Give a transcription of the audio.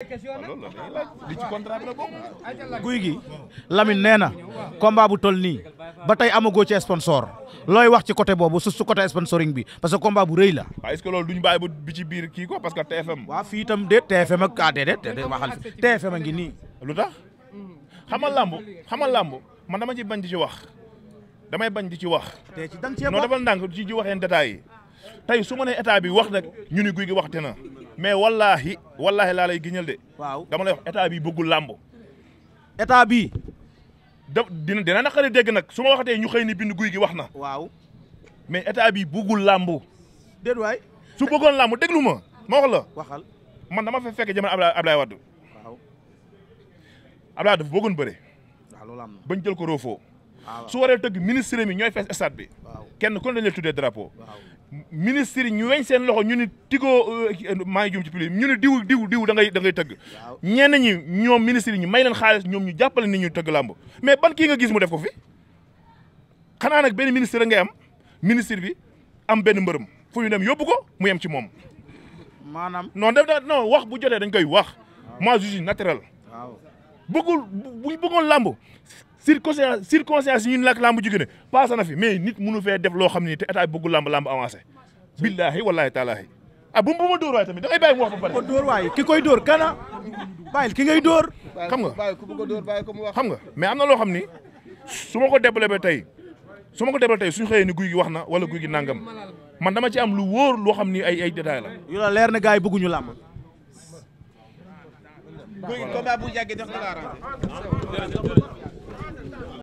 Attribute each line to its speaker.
Speaker 1: li ci contrat la bokk guy gi Lamine nee na combat bu tol nii ba tey amagoo ci sponsor looy wax ci côté boobu su su côté sponsoring bi parce que combat bu rëy la. waaw que loolu duñ bàyyi ba bi ci biir kii ko parce que TFM. itam de TFM ak ah déedéet déedéet waxal a ngi nii. lu tax
Speaker 2: xamal lamb xamal
Speaker 1: lamb man dama ci bañ di ci wax damay bañ di ci wax. tey ci da nga cee non dafa ndànk ci waxee détails yi tey su ma nee état bi wax rek ñu ni guy gi waxte na. mais wallaahi wallaahi laa lay giñal de. waaw dama lay wax état bi bëggul làmb. état bi. da dina dina naqari dégg nag su ma waxatee ñu xëy ni bind guy gi wax na. waaw mais état bi bëggul làmb. déedéet waay su bëggoon làmb déglu ma ma wax la. man na ma fekk jamono Ablaye Ablaye Wade. waaw Ablaye dafa bëggoon bëre. waaw bañ jël ko roofoo. Ah, su waree tëgg ministre mi ñooy fees stade bi. kenn kon lañ la tuddee drapeau. ministre yi ñu weñ seen loxo ñu ni tigoo euh, maa ngi jum ci pli ñu ni diw diw diw da ngay da ngay tëgg ñenn ñi ñoom ministre yi ñu may leen xaalis ñoom ñu jàppale ni tëgg làmb mais ban kii nga gis mu def ko fi xanaa nag benn ministre ngay am ministre bi am benn mbërëm fu ñu dem yóbbu ko mu yem ci moom maanaam non def da non wax bu jotee dañ koy wax moi je suis naturel bëggul bu bëggoon circonstance circonstance yi ñun nag làmb ji gën a paase fi mais nit mënu fee def loo xam ne te état bëggu làmb làmb avancé. a wallaahi taalaahi ah bu ma dóor waay tamit da ngay bàyyi mu wax ba pare. ko dóor waay ki koy dóor kana bàyyil ki ngay dóor. xam nga bàyyi ku bëgg a dóor bàyyi ko mu xam nga mais am na loo xam ni su ma ko développé tey su ma ko développé tey suñu xëyee ni guy gi wax na wala guy gi nangam man dama ci am lu wóor loo xam ni ay ay détail la. yu la leer na gars yi bëgguñu làmb. guy combat bu yàggee def la arrangé